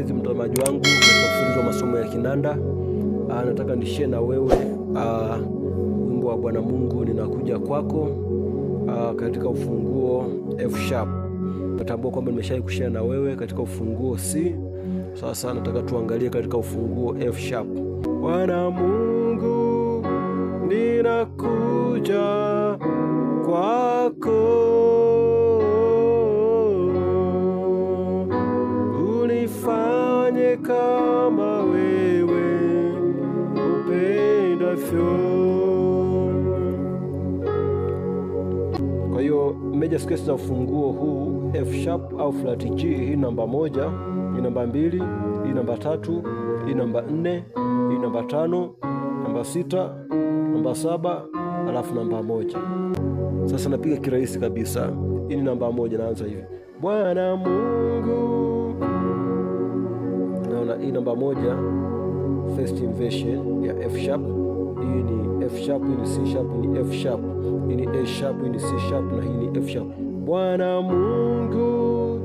mpenzi mtazamaji wangu katika wa masomo ya kinanda. Aa, ah, nataka nishie na wewe aa, ah, wimbo wa Bwana Mungu ninakuja kwako aa, ah, katika ufunguo F sharp. Natambua kwamba nimeshai kushare na wewe katika ufunguo C. Sasa nataka tuangalie katika ufunguo F sharp. Bwana Mungu ninakuja kwako kama wewe upendavyo. Kwa hiyo major scales za ufunguo huu F sharp au flat G, hii namba moja, hii namba mbili, hii namba tatu, hii namba nne, hii namba tano, namba sita, namba saba, alafu namba moja. Sasa napiga kirahisi kabisa. Hii ni namba moja, naanza hivi: Bwana Mungu na E namba moja first inversion ya F sharp. Hii ni F sharp, hii ni C sharp, hii ni F sharp, hii ni A sharp, hii ni C sharp na hii ni F sharp. Bwana Mungu,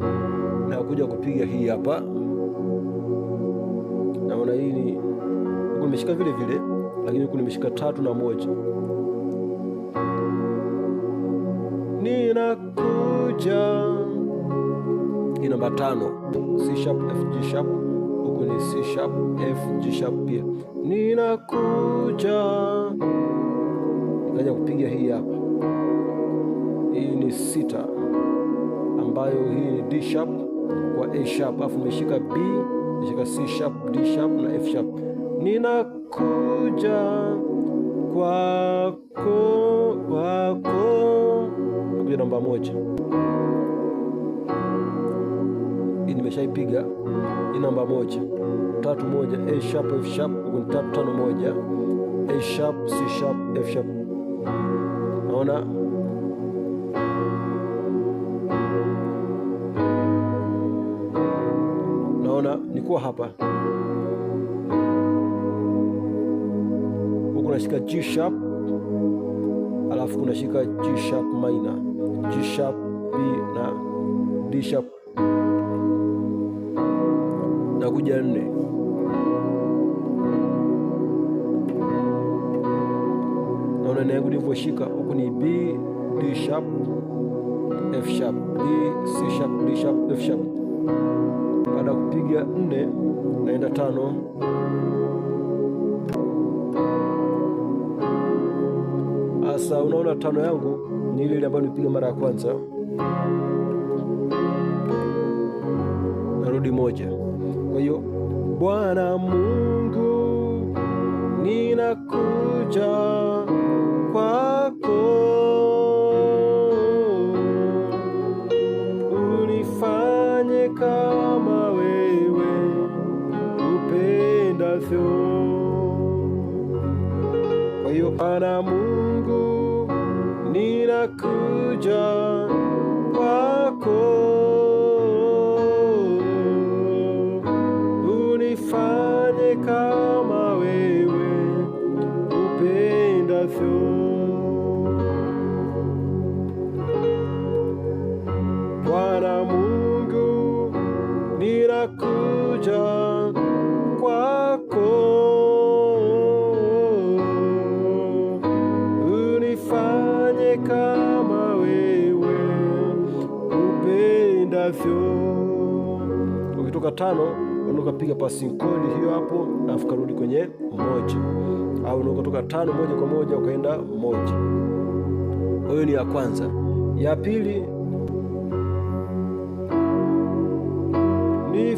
nakuja kupiga hii hapa, naona hii ni huku nimeshika vile vile, lakini huku nimeshika tatu na moja. Ninakuja hii namba tano, C sharp, F G sharp kwenye C sharp, F, G sharp pia. Ninakuja nikaja kupiga hii hapa, hii ni sita, ambayo hii ni D sharp kwa A sharp, afu nimeshika B, nimeshika C sharp, D sharp na F sharp. Ninakuja kwako, kwako, nakuja namba moja nimeshaipiga hii namba moja tatu moja A sharp F sharp ni tatu tano moja A sharp C sharp F sharp. Naona naona nikuwa hapa huku nashika G sharp, alafu kunashika G sharp minor, G sharp B na D sharp unakuja nne naona yangu nilivyoshika huku ni B, D sharp, F sharp, B, C sharp, D sharp, F sharp. Baada ya kupiga nne naenda tano Sasa unaona tano yangu ni ile ile ambayo nilipiga mara ya kwanza, narudi moja. Kwa hiyo Bwana Mungu, ninakuja kwako, unifanye kama wewe upendavyo. Kwa hiyo Bwana Mungu, ninakuja Bwana Mungu, ninakuja kwako, unifanye kama wewe upendavyo. Ukitoka tano unaokapiga passing chord hiyo hapo, alafu karudi kwenye moja, au unaotoka tano moja kwa moja ukaenda moja. Huyo ni ya kwanza. Ya pili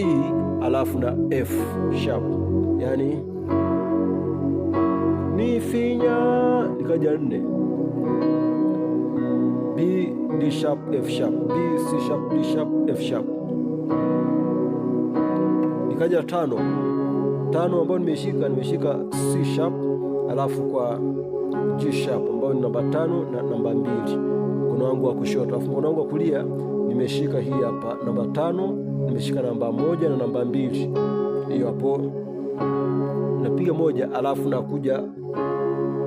E alafu na F sharp, yani ni finya nikaja nne B D sharp F sharp B C sharp D sharp F sharp nikaja tano tano ambayo nimeshika nimeshika C sharp alafu kwa G sharp ambayo ni namba tano na namba mbili, mkono wangu wa kushoto, alafu mkono wangu wa kulia nimeshika hii hapa namba tano, nimeshika namba moja na namba mbili, hiyo hapo napiga moja, alafu nakuja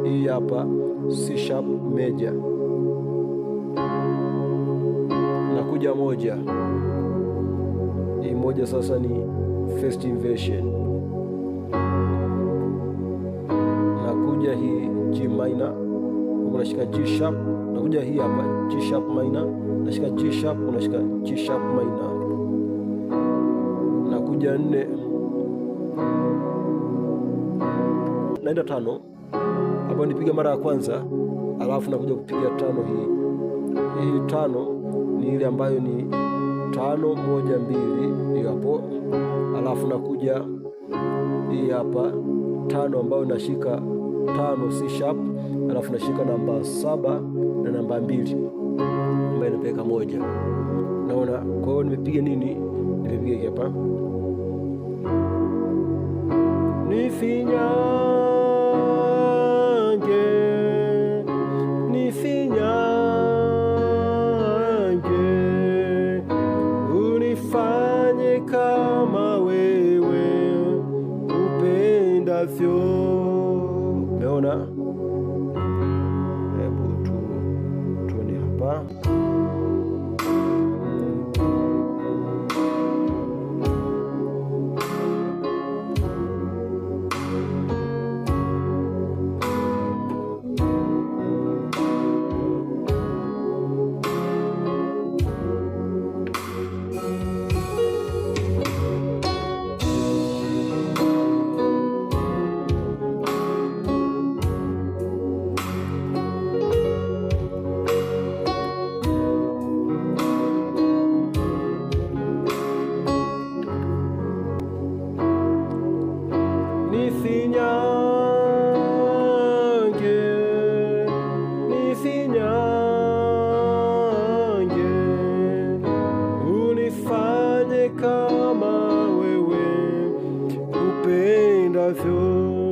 hii hapa C sharp meja, nakuja moja hii moja, sasa ni first inversion, nakuja hii G minor yangu nashika G sharp, nakuja hii hapa G sharp minor, nashika G sharp, nashika G sharp minor, nakuja nne, naenda tano hapo nipiga mara ya kwanza, alafu nakuja kupiga tano hii. Hii tano ni ile ambayo ni tano moja mbili, hiyo hapo, alafu nakuja hii hapa tano ambayo nashika tano C sharp, alafu nashika namba saba na namba mbili ambayo inapeleka moja. Naona kwa hiyo nimepiga nini? Nimepiga hapa ni nifinyange, unifanye kama wewe upendavyo kama wewe upendavyo.